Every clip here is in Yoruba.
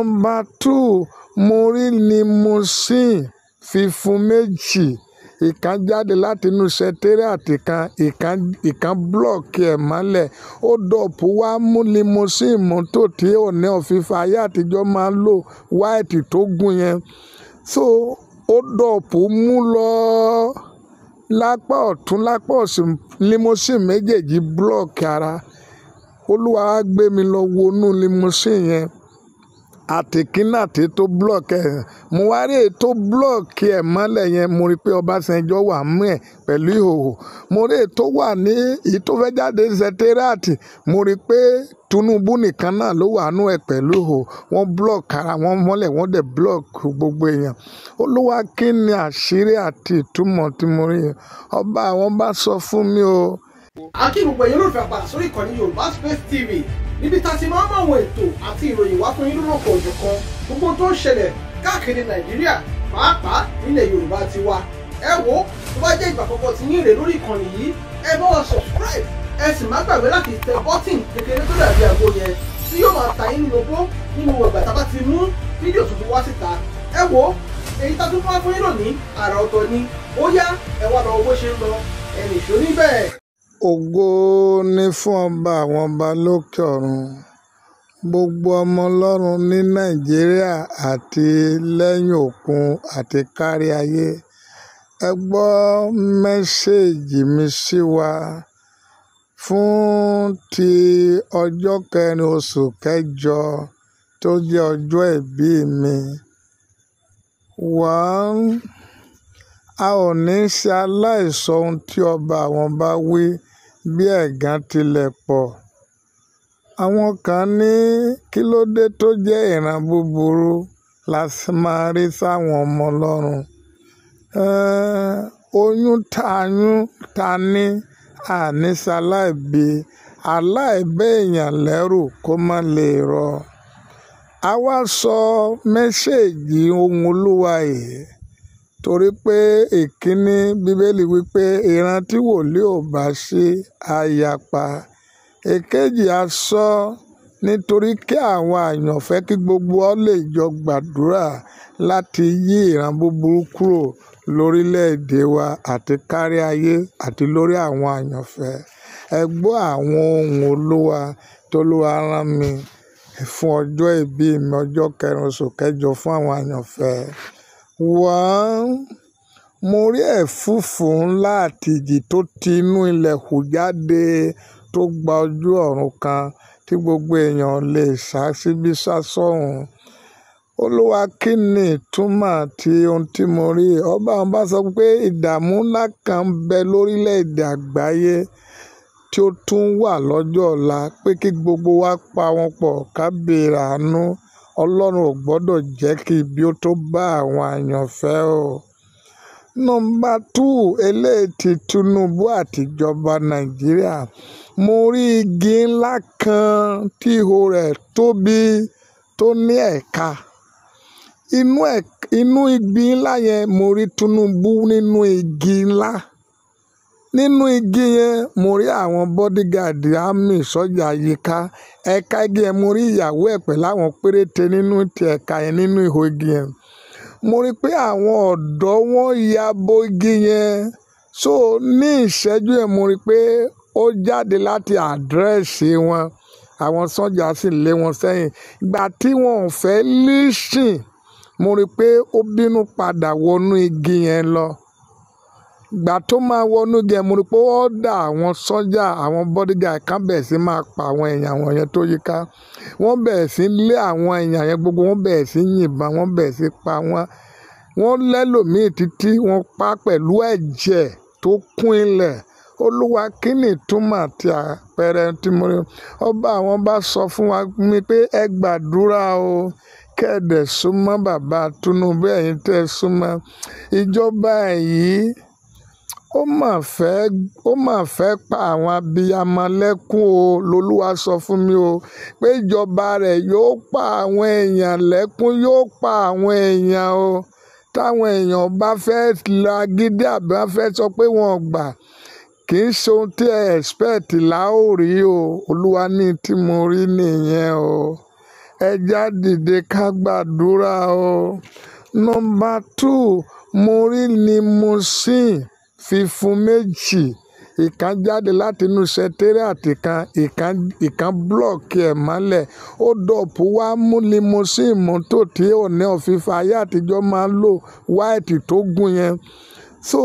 Nọ́ḿbà 2: Mo rí límúsíìnì funfun méjì, ìkan jáde láti inú sẹ́tẹ́ríátì kan, ìkan búlọ́ọ̀kì ẹ̀ mọ́lẹ̀. Hold-up wá mú límúsíìnì mọ́tò tí O'Neal funfun ayé àtijọ́ máa ń lò (white tó gùn yẹn) so hold-up mú lọ lápá ọ̀tún lápá òsì límúsíìnì méjèèjì búlọ́ọ̀kì ara. Olúwa wá gbé mi lọ wọnú límúsíìnì yẹn àtìkínàtì tó blọọkì ẹ mo wá rí èyí tó blọọkì ẹ mọ́lẹ̀ yẹn mo rí i pé Ọbásanjọ́ wà mú ẹ pẹ̀lú ìhòòhò mo rí èyí tó wà ní èyí tó fẹ́ jáde sẹtẹ́ráàtì mo rí i pé Tinubu nìkan náà ló wà nú ẹ pẹ̀lú ìhòòhò wọ́n blọọkì ara wọn mọ́lẹ̀ wọ́n dẹ̀ blọọkì gbogbo èèyàn ó ló wá kí ni àṣírí àti ìtumọ̀ tí mo rí yẹn ọba àwọn bá sọ fún mi o. akíngbùgbọ̀ yẹn ló sórí ìkànnì Yorùbá Space TV níbi tá a ti máa ń mọ àwọn ètò àti ìròyìn wá fún yín lọ́kọ̀ òjò kan gbogbo tó ń ṣẹlẹ̀ káàkiri nàìjíríà pàápàá nílẹ̀ yorùbá ti wa ẹ wo tó bá jẹ́ ìgbà àkọ́kọ́ ti yín lórí ìkànnì yìí ẹ bá wa subscribe ẹ sì má gbàgbé láti tẹ bọ́tìn kékeré tó dàbí àgbo yẹn tí yóò máa ta yín ní gbogbo ní gbogbo ìgbà tá a bá ti mú fídíò tuntun wá síta ẹ wo èyí tá a tún fún wa fún yín ni ó ògo ni fún ọba àwọn ọba lókè ọ̀run gbogbo ọmọ ọlọ́run ní nàìjíríà àti lẹ́yìn òkun àti kárí ayé ẹ gbọ́ mẹ́sáàgì mi sí wa fún ti ọjọ́ kẹrin oṣù kẹjọ tó jẹ́ ọjọ́ ìbí mi wọ́n a ò ní ṣe aláìsọ ohun tí ọba àwọn bá wí bí ẹ̀gàn tilẹ̀ pọ̀ àwọn kan ní kí ló dé tó jẹ́ ìran búburú la máa rí sáwọn ọmọ ọlọ́run oyún tayún tani àníṣaláìbí aláìbẹ́ èèyàn lẹ́rù kó má lè rọ a wá sọ mẹ́ṣẹ́ẹ̀jì ohun olúwa yìí Torí pé ìkíni Bíbélì wípé ìran tí wòlíì ò bá ṣe á yapa. Èkejì a sọ nítorí kí àwọn àyànfẹ́ kí gbogbo wa lè jọ gbàdúrà láti yí ìran búburú kúrò lórílẹ̀ èdè wa àti kárí ayé àti lórí àwọn àyànfẹ́. Ẹ gbọ́ àwọn ohùn Olúwa tó Olúwa rán mi fún ọjọ́ ìbí mi, ọjọ́ kẹrin oṣù kẹjọ fún àwọn àyànfẹ́ wòó, mo rí ẹ̀fúùfù ńlá àti ìjì tó ti inú ilẹ̀ hù jáde tó gba ojú ọ̀run kan tí gbogbo èèyàn lè sá síbí sá sọ́hùn-ún olúwa kí ni ìtumọ̀ tí ohun tí mo rí ọba àwọn bá sọ pé ìdààmú ńlá kan ń bẹ lórílẹ̀‐èdè àgbáyé tí ó tún wà lọ́jọ́ ọ̀la pé kí gbogbo wa pa wọn pọ̀ ká àánú ọlọ́run ò gbọ́dọ̀ jẹ́ kí ibi ó tó bá àwọn àyànfẹ́ o nọmba two eléyìí ti tinubu àtijọba nàìjíríà mo rí igi ńlá kan tí ihò rẹ̀ tóbi tó ní ẹ̀ka inú igi ńlá yẹn mo rí tinubu nínú igi ńlá. nínú igi yẹn mo rí àwọn bodyguard army sọ́jà yíká ẹ̀ka igi yẹn mo rí ìyàwó ẹ̀ pẹ̀lú àwọn péréte nínú ti ẹ̀ka yẹn nínú ihò igi yẹn mo rí pé àwọn ọ̀dọ́ wọn ya bo igi yẹn so ní ìṣẹ́jú yẹn mo rí pé ó jáde láti àdírẹ́sì wọn àwọn sọ́jà sì lé wọn sẹ́yìn ìgbà tí wọn ò fẹ́ lísìn mo rí pé ó bínú padà wọnú igi yẹn lọ ìgbà tó máa wọnú gẹ̀ mo rí pé ó dà àwọn sọ́jà àwọn bodyguard kan bẹ̀rẹ̀ sí máa pa àwọn èèyàn àwọn yẹn tó yí ká wọ́n bẹ̀rẹ̀ sí lé àwọn èèyàn yẹn gbogbo wọ́n bẹ̀rẹ̀ sí yìnbọn wọ́n bẹ̀rẹ̀ sí pa wọ́n wọ́n lẹ́lòmíì títí wọ́n pa pẹ̀lú ẹ̀jẹ̀ tó kún ilẹ̀ olúwa kí ni ìtumọ̀ àti àpẹẹrẹ tí mo rí ọba àwọn bá sọ fún wa mi pé ẹ gbàdúrà o kẹ́ẹ̀dẹ̀ súnmọ́ bàbá Tinubu ẹ̀yin tẹ́ súnmọ́ ìjọba yìí ó mà fẹ́ẹ́ ó mà fẹ́ẹ́ pa àwọn abiyamọ lẹ́kún o lolúwa sọ fún mi o pé ìjọba rẹ̀ yóò pa àwọn èèyàn lẹ́kún yóò pa àwọn èèyàn o táwọn èèyàn bá fẹ́ la gidi àbí wọ́n fẹ́ sọ pé wọ́n gbà kì í ṣe tí ẹ expect là o olúwa ní tí mo rí nìyẹn o ẹ já dìde ká gbàdúrà o nọmba two mo rí ni mo sìn fífún méjì ìkan jáde láti inú sẹtẹ́rìàtì kan ìkan ìkan búlọ̀kì ẹ̀ mọ́lẹ̀ ó dọ̀pù wá mú limousine mọ́tò tí ọ̀nà òfìfà ayé àtijọ́ máa ń lò wáìtì tó gùn yẹn so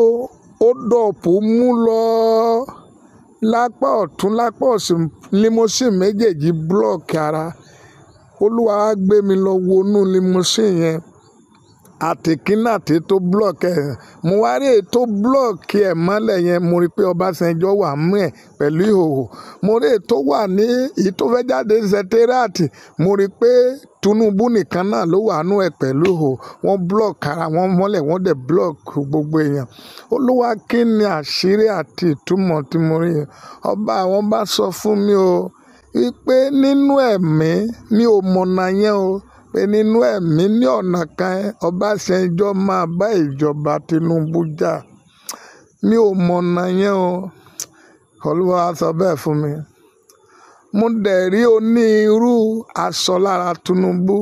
ó dọ̀pù mú lọ lápá ọ̀tún lápá òsì limousine méjèèjì búlọ̀kì ara olúwa gbé mi lọ wọnú limousine yẹn àtìkínàtì tó blọọkì ẹ Buhari tó blọọkì ẹ mọ́lẹ̀ yẹn mo rí i pé Ọbásanjọ́ wà mú ẹ pẹ̀lú ìhòòhò mo rí èyí tó wà ní èyí tó fẹ́ jáde sẹtẹ́rẹ́àtì mo rí i pé Tinubu nìkan náà ló wà nú ẹ pẹ̀lú ìhòòhò wọ́n blọọkì ara wọn mọlẹ wọn dẹ̀ blọọkì gbogbo èèyàn olúwa kí ni àṣírí àti ìtumọ̀ tí mo rí ọba àwọn bá sọ fún mi o wípé nínú ẹ̀mí mi ò mọ̀nà yẹn o. pé nínú ẹ̀mí ní ọ̀nà kan Ọbásanjọ́ máa bá ìjọba Tinubu jà mi ò mọ̀nà yẹn o Olúwa sọ bẹ́ẹ̀ fún mi mo dẹ̀ rí onírú aṣọ lára Tinubu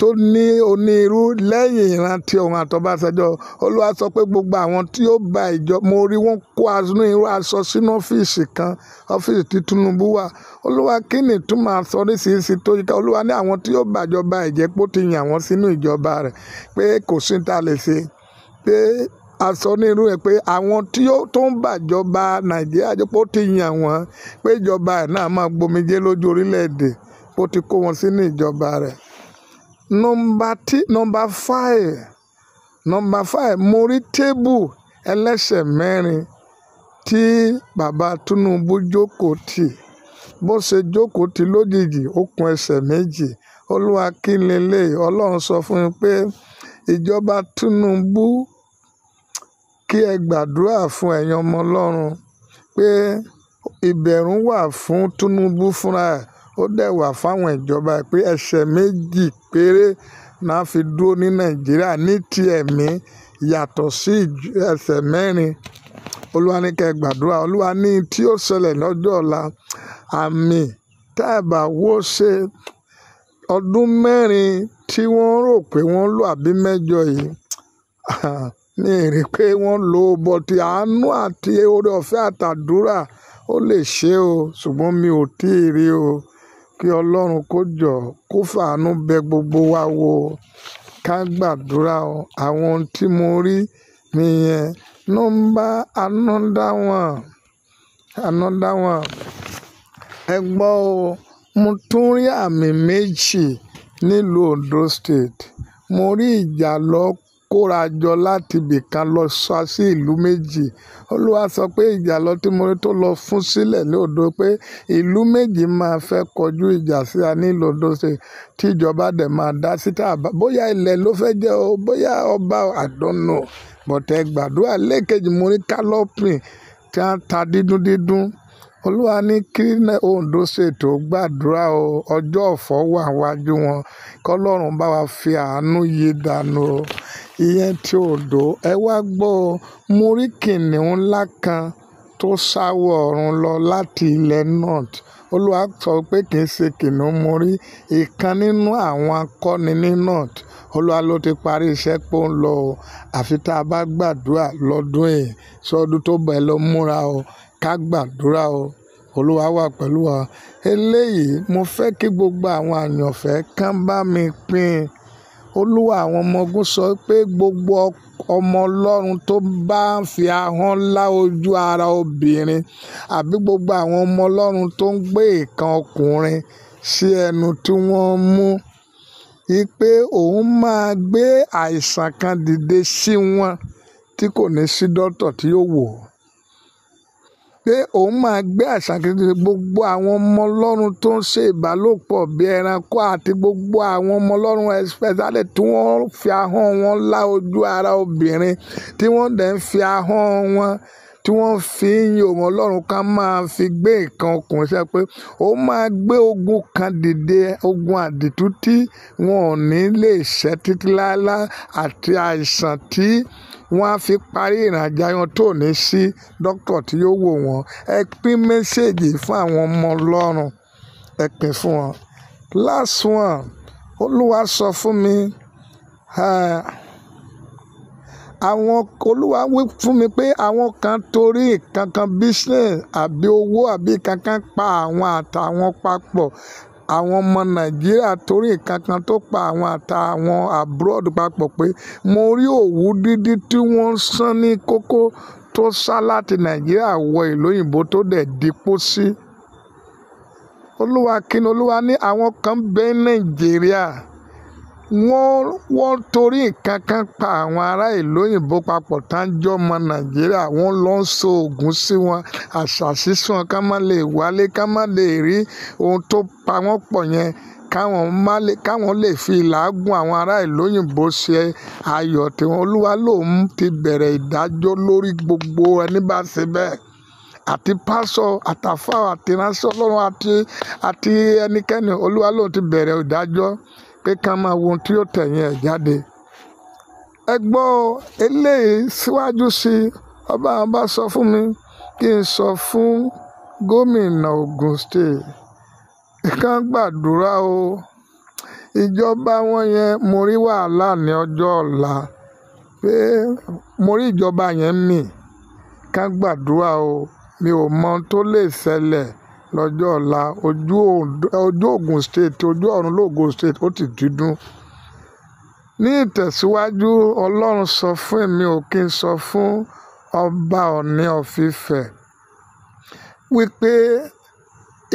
tó ní onírú lẹ́yìn ìrántí òun àtọ́básanjọ́ olúwa sọ pé gbogbo àwọn tí ó ba ìjọ mo rí wọn kó inú irú aṣọ sínú ọ́fíìsì kan ọ́fíìsì tí Tinubu wà olúwa kí ni túmọ̀ aṣọ oríṣiríṣi tó yíká olúwa ní àwọn tí ó bàjọba ìjẹ́ pé ó ti yàn wọ́n sínú ìjọba rẹ̀ pé kò sí ta lè ṣe pé aṣọ onírú ẹ̀ pé àwọn tí ó tó ń bàjọba Nàìjíríà jẹ́ pé ó ti yàn wọ́n pé ìjọba ẹ̀ náà máa gbomijé lójú orílẹ̀-èdè bó ti kó wọn sínú ìjọba rẹ̀ Nọmba tí, nọmba five, nọmba five, mo rí tébù ẹlẹ́sẹ̀ mẹ́rin tí bàbá Tinubu jókòó tì. Bó ṣe jókòó tì lójijì, ó kun ẹsẹ̀ méjì. Olúwa kí leléyi? Ọlọ́run sọ fún mi pé ìjọba Tinubu kí ẹ gbàdúrà fún ẹ̀yin ọmọ Ọlọ́run pé ìbẹ̀rù wà fún Tinubu fúnra ẹ̀ ó dẹ̀ wà fáwọn ìjọba pé ẹsẹ̀ méjì péré náà fi dúró ní nàìjíríà ní ti ẹ̀mí yàtọ̀ sí ẹsẹ̀ mẹ́rin olúwa ní kẹ́ gbàdúrà olúwa ní tí ó ṣẹlẹ̀ lọ́jọ́ ọ̀la àmì tẹ́ẹ̀bà wó ṣe ọdún mẹ́rin tí wọ́n rò pé wọ́n lò àbí mẹ́jọ yìí ní èrè pé wọ́n lò ó bọ̀tì àánú àti oore ọ̀fẹ́ àtàdúrà ó lè ṣe o ṣùgbọ́n mi ò tí ì rí o kí ọlọ́run kó jọ kó fàánú bẹ gbogbo wa wò ká gbàdúrà o àwọn ohun tí mo rí nìyẹn nọ́mbà another one another one ẹ gbọ́ o mo tún rí àmì méjì nílùú Ondo State mo rí ìjàlọ kóra jọ láti ibìkan lọ sá sí ìlú méjì. Olúwa sọ pé ìjà lọ tí mo rí tó lọ fún sílẹ̀ ní òdo pé ìlú méjì máa fẹ́ kọjú ìjà sí a ní òdo ṣe tí ìjọba dẹ̀ máa dá sí Bóyá ilẹ̀ ló fẹ́ jẹ́ o, bóyá ọba I don't know. But ẹ gbàdúrà lẹ́ẹ̀kejì mo rí Kálọ́pìn tí a ń ta dídún dídún. Olúwa ní kí Ondo State ó gbàdúrà o. Ọjọ́ ọ̀fọ̀ wà wájú wọn. Kọ́ bá wa fi àánú yí dànù o ìyẹn ti odò ẹ wá gbọ́ ó mọ rí kìnnìún ńlá kan tó ṣáwọ̀ ọ̀run lọ láti ilẹ̀ north olúwa sọ pé kì í ṣe kìnnìún mo rí ìkan nínú àwọn akọni ní north olúwa ló ti parí iṣẹ́ pé ó ń lọ o àfi tá a bá gbàdúrà lọ́dún yìí sọdún tó bẹ̀ lọ múra o ká gbàdúrà o olúwa wà pẹ̀lú wa eléyìí mo fẹ́ kí gbogbo àwọn àyànfẹ́ kán bá mi pín in olúwa àwọn ọmọ ogun sọ pé gbogbo ọmọ ọlọ́run tó bá ń fi ahọ́n lá ojú ara obìnrin àbí gbogbo àwọn ọmọ ọlọ́run tó ń gbé ìkan ọkùnrin sí ẹnu tí wọ́n mú i pé òun máa gbé àìsàn kan dìde sí wọn tí kò ní sí dókítà tí yóò wò ó pé òun máa gbé àṣà kejì gbogbo àwọn ọmọ ọlọ́run tó ń ṣe ìbálòpọ̀ bí ẹranko àti gbogbo àwọn ọmọ ọlọ́run especially tí wọ́n fi ahọ́n wọn lá ojú ara obìnrin tí wọ́n dẹ̀ ń fi ahọ́n wọn tí wọ́n fi ń yin ọmọ ọlọ́run ká máa fi gbé nǹkan ọkùnrin ṣe pé ó máa gbé ogun kan dìde ogun àdìtú tí wọn ò ní lè ṣẹ́ títí láéláé àti àìsàn tí wọ́n á fi parí ìrìnàjò wọn tó ní sí dókítà tí yóò wò wọ́n. Ẹ pín méséjì fún àwọn ọmọ Ọlọ́run, ẹ pín fún wọn. Last one, Olúwa sọ fún mi, eh, àwọn Olúwa wí fún mi pé àwọn kan torí nǹkan kan business àbí owó àbí nǹkan kan pa àwọn àtàwọn papọ̀ àwọn ọmọ nàìjíríà torí nǹkan kan tó pa àwọn àtàwọn abroad papọ̀ pé mo rí òwú dídí tí wọ́n ń sán ní kókó tó sá láti nàìjíríà wọ ìlú òyìnbó tó dẹ̀ dipò sí. olúwa kí ni olúwa ní àwọn kan bẹ nàìjíríà wọ́n wọ́n torí nǹkan kan pa àwọn ará ìlú òyìnbó papọ̀ tá ń jọ ọmọ nàìjíríà wọ́n lọ ń so oògùn sí wọn àṣà sísun ká má lè wálé ká má lè rí ohun tó pa wọ́n pọ̀ yẹn káwọn má lè káwọn lè fi làágùn àwọn ará ìlú òyìnbó ṣe ayọ̀ tiwọn olúwa lòun ti bẹ̀rẹ̀ ìdájọ́ lórí gbogbo ẹni bá ṣe bẹ́ẹ̀ àti pásọ àtàfà àti ọlọ́run àti àti ẹnikẹ́ni olúwa lòun ti bẹ̀rẹ̀ ìdájọ́ pé ká máa wo ohun tí ó tẹ̀yìn ẹ̀ jáde ẹ gbọ́ eléyìí síwájú sí ọba àwọn bá sọ fún mi kí n sọ fún gómìnà Ogun State kán gbàdúrà o ìjọba wọn yẹn mo rí wàhálà ní ọjọ́ ọ̀la pé mo rí ìjọba yẹn mì kán gbàdúrà o mi ò mọ ohun tó lè ṣẹlẹ̀ lọ́jọ́ ọ̀la ojú Ogun State ojú ọ̀run lóògùn State ó ti dídùn. Ní ìtẹ̀síwájú, Ọlọ́run sọ fún èmi ò kí n sọ fún ọba Ọ̀ọ̀ni of Ifẹ̀ wípé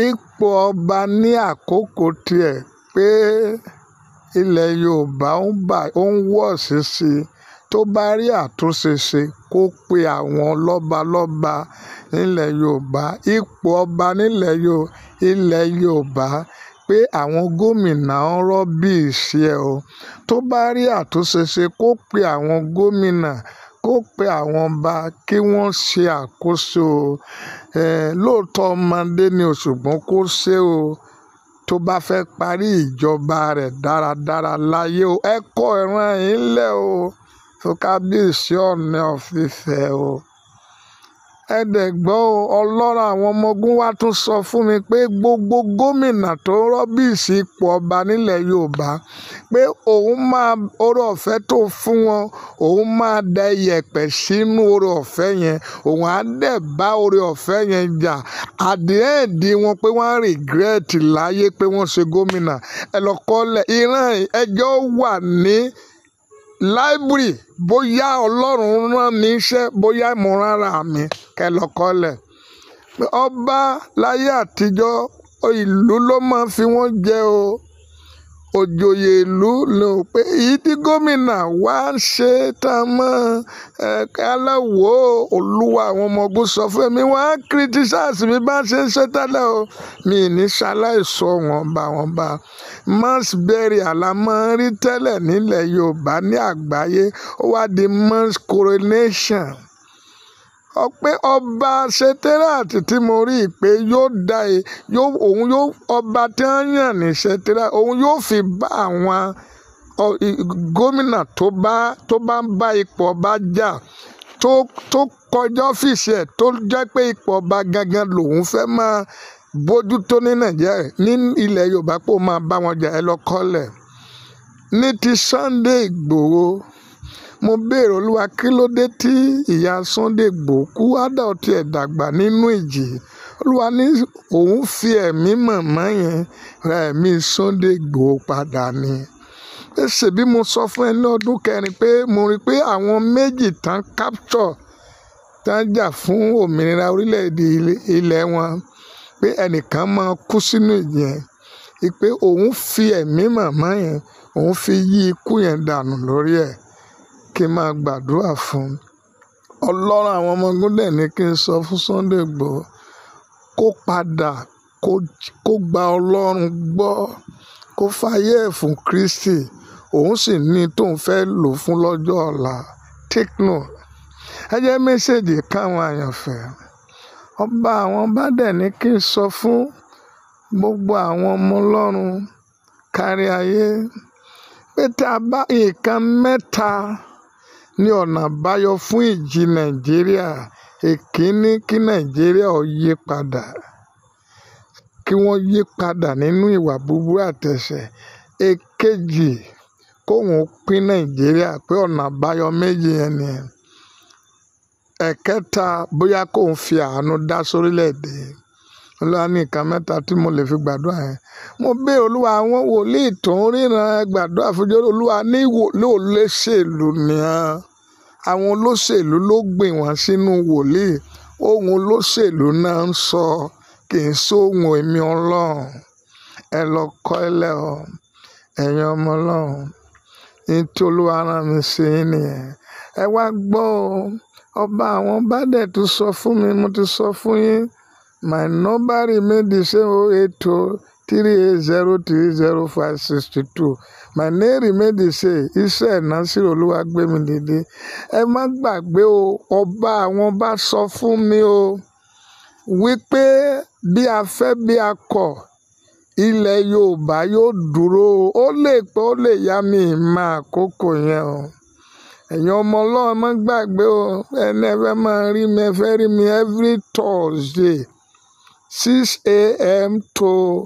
ipò ọba ní àkókò tiẹ̀ pé ilẹ̀ Yorùbá ó ń wọ̀ sísi tó bá rí àtúnṣe ṣe kó pe àwọn lọ́balọ́ba nílẹ̀ Yorùbá, ipò ọba nílẹ̀ Yorù, ilẹ̀ Yorùbá pé àwọn gómìnà ń rọ́bìṣì ẹ o. Tó bá rí àtúnṣe ṣe kó pe àwọn gómìnà, kó pe àwọn ọba kí wọ́n ṣe àkóso. Ehn, lóòótọ́ ọmọdé ni o ṣùgbọ́n kó ṣe o. Tó bá fẹ́ parí ìjọba rẹ̀ dáradára láyé o, ẹ kó ìran yín lẹ̀ o. Kábíyèsí Ọ̀ọ̀ni of o ẹ̀dẹ̀ gbọ́ o ọlọ́run àwọn ọmọ ogun wa tún sọ fún mi pé gbogbo gómìnà tó rọ́bìsì ipò ọba nílẹ̀ yorùbá pé òun máa oore ọ̀fẹ́ tó fún wọn òun máa da iyẹ̀pẹ̀ sínú oore ọ̀fẹ́ yẹn òun á dẹ̀ bá oore ọ̀fẹ́ yẹn jà àdéhẹ̀dì wọn pé wọ́n á rìgírẹ́tì láyé pé wọ́n ṣe gómìnà ẹ̀ ìran ẹjọ́ wà ní láìbírì bóyá ọlọ́run rán mi iṣẹ́ bóyá mo rárá mi kẹlọ́kọ́lẹ̀ ọba láyé àtijọ́ ìlú ló máa fi wọ́n jẹ o òjòyè ìlú lòun pé èyí tí gómìnà wá ń ṣe tá a mọ aláwo olúwa àwọn ọmọ ogun sọ fún mi wọ́n á criticize mi bá ṣe ń ṣe tẹ́lẹ̀ o mi ní ṣaláìsọ wọn bá wọn bá mass burial la máa ń rí tẹ́lẹ̀ nílẹ̀ yorùbá ní àgbáyé ó wá di mass coronation pé ọba ṣẹtẹ́ráàtì tí mo rí i pé yóò da e yóò òun yóò ọba tí wọ́n yàn ní ṣẹtẹ́ráàtì òun yóò fi bá àwọn gómìnà tó bá tó bá ń bá ipò ọba jà tó tó kọjá ọ́fíìsì tó jẹ́ pé ipò ọba gangan lòun fẹ́ máa bójútó ní nàìjíríà ní ilẹ̀ yorùbá pé máa bá wọn jà ẹ lọ kọ́lẹ̀ ní ti Sunday Ìgbòho mo béèrè olúwa kí ló dé tí ìyá sunday igbòho kú ádá ọtí ẹ̀ dàgbà nínú ìjì olúwa ní òun fi ẹ̀mí mọ̀mọ́ yẹn ra ẹ̀mí sunday igbòho padà ni ṣe bí mo sọ fún ẹ ní ọdún kẹrin pé mo rí i pé àwọn méjì tán capture tán jà fún òmìnira orílẹ̀-èdè ilẹ̀ wọn pé ẹnìkan máa kú sínú ìyẹn pé òun fi ẹ̀mí mọ̀mọ́ yẹn òun fi yí ikú yẹn dànù lórí ẹ̀ kí n máa gbàdúrà fún un. Ọlọ́run àwọn ọmọ ogun dẹ̀ kí n sọ fún Sunday Igboho kó padà, kó gba Ọlọ́run gbọ́, kó f'ayé ẹ̀ fún Kristi, òun sì ní tóun fẹ́ lò fún lọ́jọ́ ọ̀la. Take note. Ẹ jẹ́ message káwọn àyànfẹ́. Ọba àwọn ọba dẹ̀ ní kí n sọ fún gbogbo àwọn ọmọ Ọlọ́run kárí ayé pé tí a bá nǹkan mẹ́ta. ní ọ̀nà àbáyọ fún ìjì nàìjíríà èkínní kí nàìjíríà ò yí padà kí wọ́n yí padà nínú ìwà búburú àtẹ̀sẹ̀ èkejì kóun pín nàìjíríà pé ọ̀nà àbáyọ méjì yẹn ni ẹ̀kẹta bóyá kóun fi àánú dá sórílẹ̀-èdè. olúwa ní nǹkan mẹ́ta tí mo lè fi gbàdúrà yẹn mo bẹ̀ olúwa àwọn wòlíì tó ń ríran gbàdúrà fúnjọ olúwa ní olóṣèlú nìyẹn àwọn olóṣèlú ló gbìn wọ́n sínú wòlíì ohun olóṣèlú náà ń sọ kì í sóhun èmi ọlọ́run ẹ lọ kọ́ ẹ lẹ́ ọ ẹ̀yin ọmọ ọlọ́run nítorí olúwa rán mi sí i nìyẹn ẹ wá gbọ́ ọba àwọn bá dẹ̀ tún sọ fún mi mo ti sọ fún yín. My number remains the same 080 380306562. My name remains the same. Iṣẹ́ Nasir Olúwagbémidìde. Ẹ má gbàgbé o, ọba àwọn bá sọ fún mi o wípé bí a fẹ́ bí a kọ̀ ilẹ̀ Yorùbá yóò dúró ó lè pẹ́ ó lè yá mi ìmọ̀ àkókò yẹn o ẹ̀yin ọmọ ọlọ́run má gbàgbé o ẹni ẹ fẹ́ máa rí mi ẹ fẹ́ rí mi every Thursday six a.m. to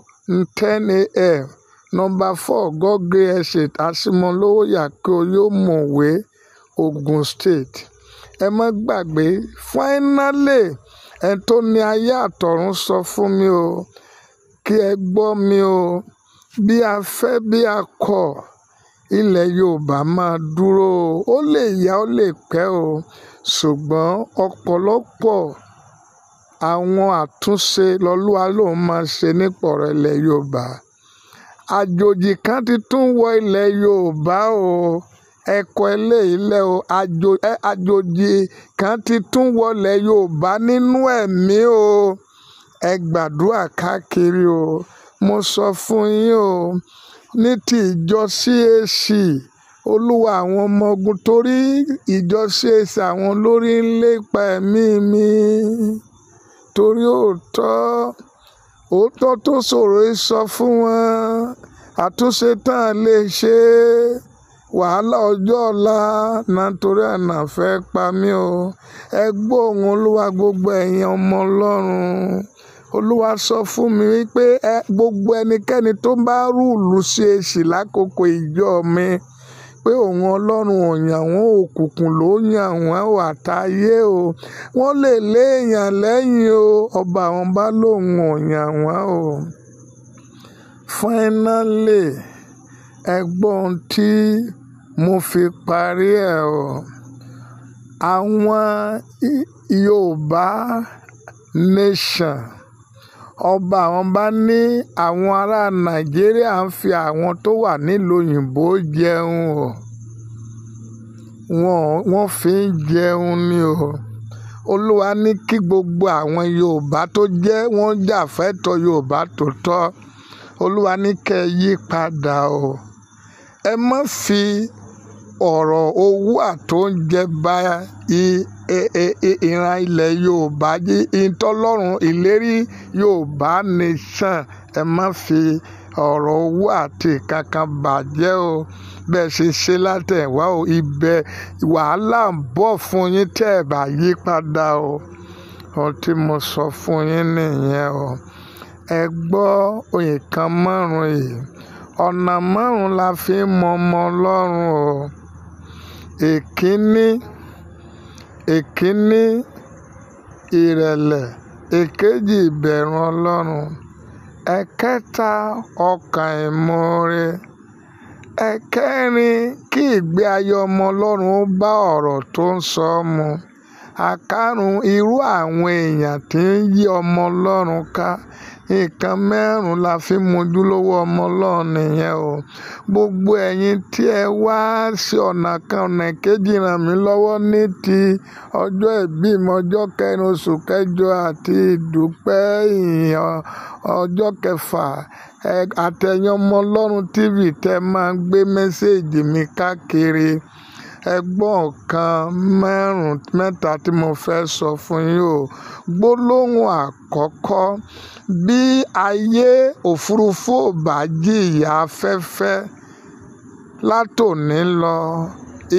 ten a.m. Number four grace it. estate àṣemọ́lówóyà kóyọ̀mọ̀wé ogun state ẹ má gbàgbé fáínálì ẹ tó ní ayé àtọ̀run sọ fún mi o kí ẹ gbọ́ mi o bí a fẹ́ bí a kọ̀ ilẹ̀ yorùbá máa dúró ó lè yá ó lè pẹ́ o ṣùgbọ́n ọ̀pọ̀lọpọ̀ àwọn àtúnṣe lọ́lúwa lòun máa ń ṣe nípa ọ̀rọ̀ ilẹ̀ yorùbá àjòjì kan ti tún wọ ilẹ̀ yorùbá o ẹ̀kọ́ eléyìí lẹ́ o àjòjì kan ti tún wọ ilẹ̀ yorùbá nínú ẹ̀mí o ẹ gbàdúrà káàkiri o mo sọ fún yín o ní ti ìjọ CAC olúwa àwọn ọmọ ogun torí ìjọ CAC àwọn olórí ń lépa ẹ̀mí mi. mi torí òótọ́ òótọ́ tó ṣòro sọ fún wọn àtúnṣe tán lè ṣe wàhálà ọjọ́ ọ̀la nítorí àná fẹ́ pa mí o ẹ gbọ́ ohùn olúwa gbogbo ẹ̀yin ọmọ ọlọ́run olúwa sọ fún mi wípé gbogbo ẹnikẹ́ni tó bá rúùlù sí èsì lákòókò ìjọ mi pé òun Ọlọ́run ò yàn òkùnkùn ló yàn wọ́n àtayé o wọ́n lè lé lẹ́yìn o ọba àwọn bá lòun ò yàn o. finally ẹgbọ́n tí mo fi parí ẹ̀ o àwọn Yorùbá nation ọba àwọn bá ní àwọn ará nàìjíríà ń fi àwọn tó wà nílùú òyìnbó jẹun o wọ́n fi ń jẹun ni o olúwa ní kí gbogbo àwọn yorùbá tó jẹ́ wọ́n jàfẹ́tọ̀ yorùbá tòótọ́ olúwa ní kẹ́ yí padà o ẹ má fi ọ̀rọ̀ owó àtóúnjẹ ba i ìran ilẹ̀ yorùbá ìtọ́lọ́run ìlérí yorùbá nation ẹ má fi ọ̀rọ̀ owó àti kankan bàjẹ́ o bẹ́ẹ̀ ṣe ṣe látẹ̀wá o ibẹ̀ wàhálà ń bọ̀ fún yín tẹ́ ẹ̀ bá yí padà o ohun tí mo sọ fún yín nìyẹn o ẹ gbọ́ nǹkan márùn-ún yìí ọ̀nà márùn-ún la fi ń mọ ọmọ ọlọ́run o èkínní. E ìkíní ìrẹ̀lẹ̀ ekeji ìbẹ̀rù ọlọ́run ẹ̀kẹta ọkàn ìmoore ẹ̀kẹrin kí ìgbé ayé ọmọ ọlọ́run ó bá ọ̀rọ̀ tó ń sọ ọ́ mu àkárùn irú àwọn èèyàn tí ọmọ ọlọ́run ká nǹkan mẹ́rùn la fi mojú lówó ọmọ ọlọ́run nìyẹn o gbogbo ẹ̀yin tí ẹ wá ṣe ọ̀nà kan ọ̀nà kejì ràn mí lọ́wọ́ ní ti ọjọ́ ìbí mi ọjọ́ kẹrin oṣù kẹjọ àti ìdúpẹ́ ìyìn ọjọ́ kẹfà àtẹ̀yìn tv tẹ máa gbé mi káàkiri. Ẹ kan nǹkan mẹ́rùn mẹ́ta tí mo fẹ́ sọ fún yín o. Gbólóhùn àkọ́kọ́, bí ayé òfurufú ò bá jìyà afẹ́fẹ́ látòní lọ,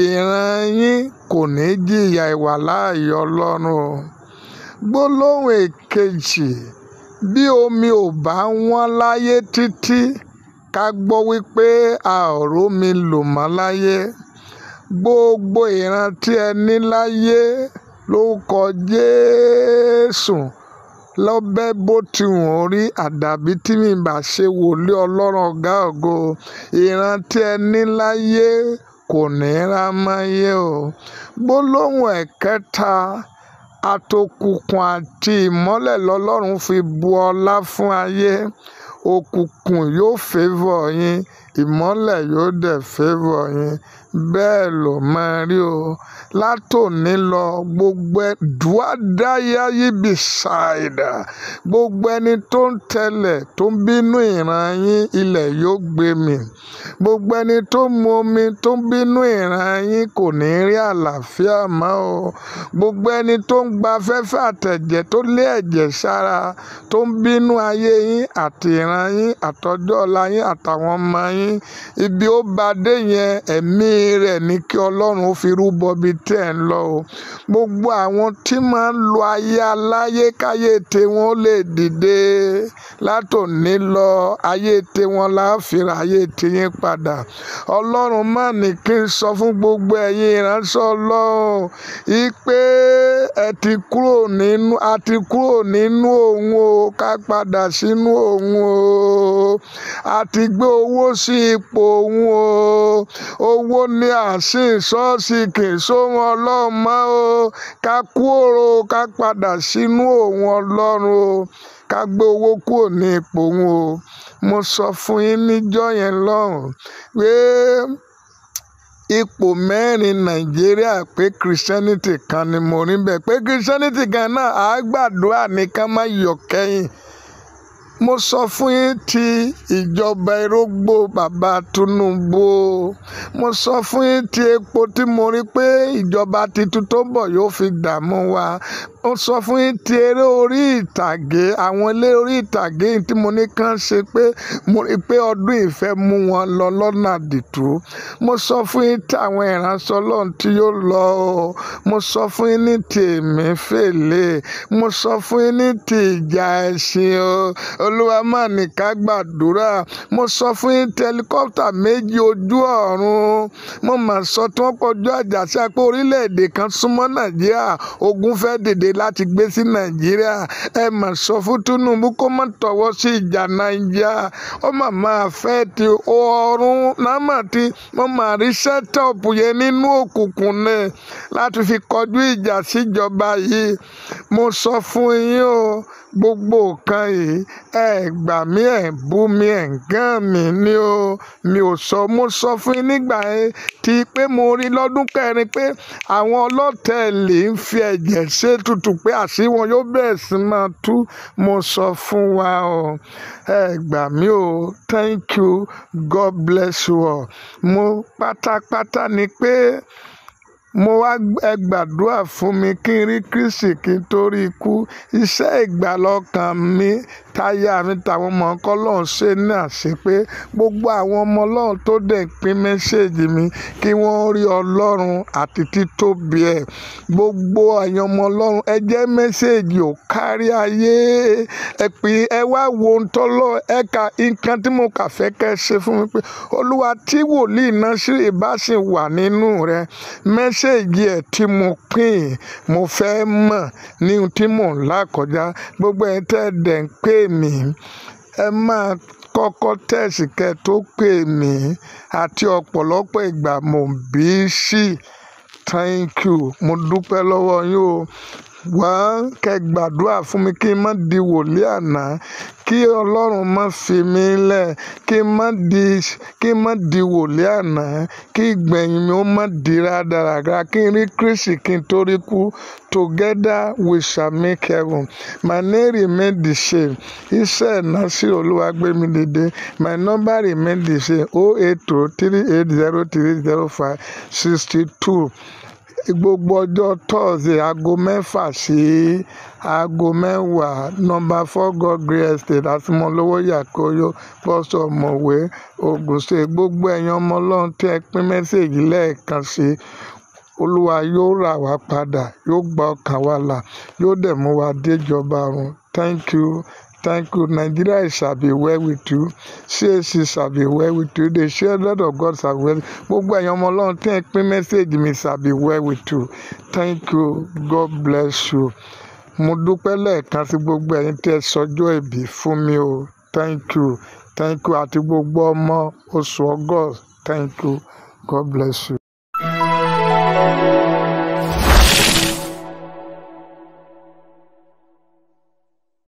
ìran yín kò ní jìyà ìwàláàyè Ọlọ́run o. Gbólóhùn èkejì, bí omi ò bá wọ́n láyé títí, ká gbọ́ wípé a ò rómi lò mọ́ láyé gbogbo ìran tí ẹ ní láyé lórúkọ jésù lọ́bẹ̀ bó ti wù ú rí àdàbí tí mi bá ṣe wòlé ọlọ́run ọ̀gá ògo ìran tí ẹ ní láyé kò ní rá mọ́yé o gbólóhùn ẹ̀kẹta àtòkùnkùn àti ìmọ́lẹ̀ lọ́lọ́run fi bu ọlá fún ayé òkùnkùn yóò fẹ́vọ̀ yín ìmọ́lẹ̀ yóò dẹ̀ fẹ́vọ̀ yín bẹ́ẹ̀ ló máa rí o. Látòní lọ, gbogbo ẹ̀dùádayá yíbi ṣàìdá, gbogbo ẹni tó ń tẹlẹ̀ tó ń bínú ìran yín, ilẹ̀ yóò gbé mì. Gbogbo ẹni tó ń mu omi tó ń bínú ìran yín kò ní rí àlàáfíà mọ́ o. Gbogbo ẹni tó ń gba afẹ́fẹ́ àtẹ̀jẹ̀ tó lé ẹ̀jẹ̀ sára, tó ń bínú ayé yín àti ìran yín, àtọjọ́ ọ̀la yín àtàwọn ọmọ yín, ibi ó ba dé yẹn, ẹ̀mí rẹ̀ ní kí Ọlọ́run ó fi rúbọ bí tẹ́ ẹ̀ ń lọ o. Gbogbo àwọn tí máa ń lo ayé aláyé káyé tí wọ́n lè dìde látòní lọ ayé tí wọ́n láàfin ayé tí yín padà. Ọlọ́run má ní kí n sọ fún gbogbo ẹ̀yin ìránṣẹ́ Ọlọ́run wípé ẹ ti kúrò nínú, a ti kúrò nínú òun o, ká padà sínú òun o àti gbé owó sí ipò òun o owó ni àsìn ṣọ́ọ̀ṣì kì í sóhun ọlọ́run mọ́ o ká kúrò ká padà sínú òun ọlọ́run o ká gbé owó kúrò ní ipò òun o mo sọ fún yín níjọ́ yẹn lọ́hùn pé ipò mẹ́rin nàìjíríà pé christianity kan ni mo rí bẹ́ẹ̀ pé christianity kan náà àá gbàdúrà nìkan má yọ kẹ́yìn mo sọ fún yín ti ìjọba irógbó bàbá Tinubu mo sọ fún yín ti epo tí mo rí pé ìjọba titun tó ń bọ̀ yóò fi dààmú wa ó sọ fún yín ti eré orí ìtàgé àwọn eré orí ìtàgé tí mo ní kàn ṣe pé mo rí pé ọdún ìfẹ́ mú wọn lọ lọ́nà àdìtú mo sọ fún yín tí àwọn ìránṣẹ́ ọlọ́run tí yóò lọ o mo sọ fún yín ní ti èmi fèlè mo sọ fún yín ní ti ìjà ẹ̀sìn o olúwa má nìka gbàdúrà mo sọ fún yín ti ẹlikọ́pítà méjì ojú ọ̀run mo mà sọ tí wọ́n kọjú àjà sí apá orílẹ̀-èdè kan súnmọ́ nàìjíríà ogun fẹ́ dìde láti gbé sí nàìjíríà ẹ mà sọ fún tinubu kó má tọwọ́ sí ìjà nàìjíríà ó mà máa fẹ́ ti ọ̀run náà mo mà rí sẹ́tọ̀pù yẹn nínú òkùnkùn náà láti fi kọjú ìjà síjọba yìí mo sọ fún yín o gbogbo kan yìí ẹ gbà mí ẹ bú mi ẹ gán mi ni o mi ò sọ mo sọ fún yín nígbà yẹn ti pé mo rí lọ́dún kẹrin pé àwọn ọlọ́tẹ̀ẹ̀lì ń fi ẹ̀jẹ̀ ṣètùtù dùn pé àṣírí wọn yóò bẹ̀rẹ̀ sí máa tú mo sọ fún wa o ẹ gbà mí o thank you god bless you all mo pátápátá ni pé mo wá ẹ gbàdúrà fún mi kí n rí kristi kí n torí ikú iṣẹ́ ìgbàlọ́kàn mi táyà mi tàwọn ọmọ ọkọ lọ́hùn ṣe ní àṣepé gbogbo àwọn ọmọ ọlọ́run tó dẹ̀ pín mẹ́ṣẹ́ẹ̀jì mi kí wọ́n rí ọlọ́run àti títóbi ẹ̀ gbogbo àyàn ọmọ ọlọ́run ẹ jẹ́ mẹ́ṣẹ́ẹ̀jì ò kárí ayé ẹ pè ẹ wá wo ohun lọ ẹ ka nǹkan tí mo kà fẹ́ kẹ́ ṣe fún mi pé olúwa tí wòlíì náà ṣì bá ṣì wà nínú rẹ mẹ́ṣẹ́ẹ̀jì ẹ̀ tí mo pín mo fẹ́ mọ̀ ní ohun tí mò ń là kọjá gbogbo ẹ̀ tẹ́ dẹ̀ ń pè mí ẹ máa kọ́kọ́ tẹ̀sì kẹ́ tó pè mí àti ọ̀pọ̀lọpọ̀ ìgbà mo bí sí. Thank you. Mo dúpẹ́ lọ́wọ́ yín o wá kẹ́ gbàdúrà fún mi kí n má di wòlíì àná kí ọlọ́run má fi mí lẹ̀ kí n má di kí n má di wòlíì àná kí ìgbẹ̀yìn mi ó má di rádaràda kí n rí kírísì kí n tó rí kú together we shall make heaven my name remain the same iṣẹ́ ẹ̀nà sí mi dìde my number remain the same oh eight two oh three eight zero three zero five sixty two gbogbo ọjọ́ Thursday aago mẹ́fà sí aago mẹ́wàá Nọ́mbà four God Gray Estate, Àṣemọ́lówó Yàkóyó, Bus-stop Mọ̀wé, Ogun State. Gbogbo ẹ̀yin ọmọ Ọlọ́run tí ẹ pín mẹ́sẹ̀gì lẹ́ẹ̀kan sí, Olúwa yóò rà wá padà, yóò gba ọkàn wa là, yóò dẹ̀ mú wa dé ìjọba Thank you. Thank you. Nigeria shall be well with you. CAC shall be well with you. The children of God shall be well. Gbogbo ẹ̀yin ọmọ Ọlọ́run tí ẹ pín mẹ́sẹ̀gì mi shall be well with you. Thank you. God bless you. Mo dúpẹ́ lẹ́ẹ̀kan sí gbogbo ẹ̀yin tí ẹ sọjọ́ ìbí fún mi o. Thank you. Thank you àti gbogbo ọmọ oṣù August. Thank you. God bless you.